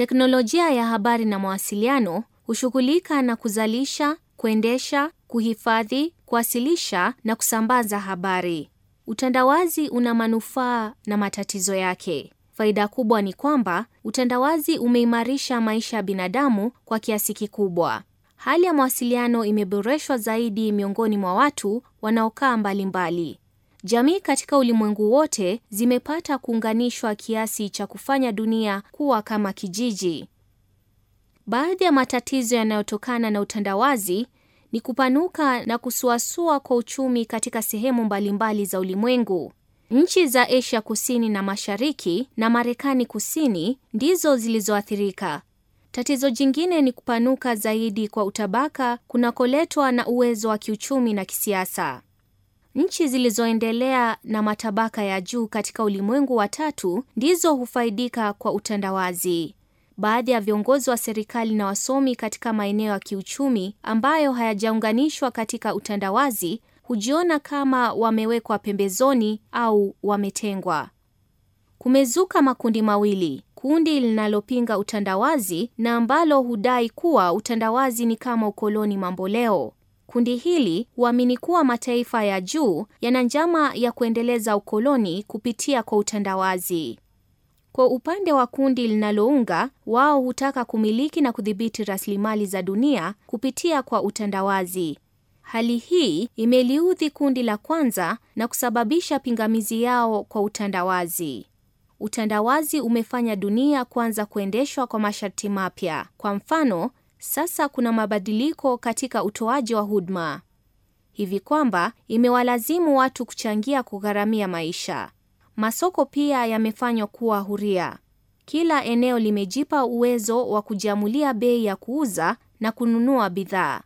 Teknolojia ya habari na mawasiliano hushughulika na kuzalisha, kuendesha, kuhifadhi, kuwasilisha na kusambaza habari. Utandawazi una manufaa na matatizo yake. Faida kubwa ni kwamba utandawazi umeimarisha maisha ya binadamu kwa kiasi kikubwa. Hali ya mawasiliano imeboreshwa zaidi miongoni mwa watu wanaokaa mbalimbali. Jamii katika ulimwengu wote zimepata kuunganishwa kiasi cha kufanya dunia kuwa kama kijiji. Baadhi ya matatizo yanayotokana na utandawazi ni kupanuka na kusuasua kwa uchumi katika sehemu mbalimbali za ulimwengu. Nchi za Asia Kusini na Mashariki na Marekani Kusini ndizo zilizoathirika. Tatizo jingine ni kupanuka zaidi kwa utabaka kunakoletwa na uwezo wa kiuchumi na kisiasa. Nchi zilizoendelea na matabaka ya juu katika ulimwengu wa tatu ndizo hufaidika kwa utandawazi. Baadhi ya viongozi wa serikali na wasomi katika maeneo ya kiuchumi ambayo hayajaunganishwa katika utandawazi hujiona kama wamewekwa pembezoni au wametengwa. Kumezuka makundi mawili, kundi linalopinga utandawazi na ambalo hudai kuwa utandawazi ni kama ukoloni mamboleo. Kundi hili huamini kuwa mataifa ya juu yana njama ya kuendeleza ukoloni kupitia kwa utandawazi. Kwa upande wa kundi linalounga, wao hutaka kumiliki na kudhibiti rasilimali za dunia kupitia kwa utandawazi. Hali hii imeliudhi kundi la kwanza na kusababisha pingamizi yao kwa utandawazi. Utandawazi umefanya dunia kuanza kuendeshwa kwa masharti mapya. Kwa mfano, sasa kuna mabadiliko katika utoaji wa huduma hivi kwamba imewalazimu watu kuchangia kugharamia maisha. Masoko pia yamefanywa kuwa huria. Kila eneo limejipa uwezo wa kujiamulia bei ya kuuza na kununua bidhaa.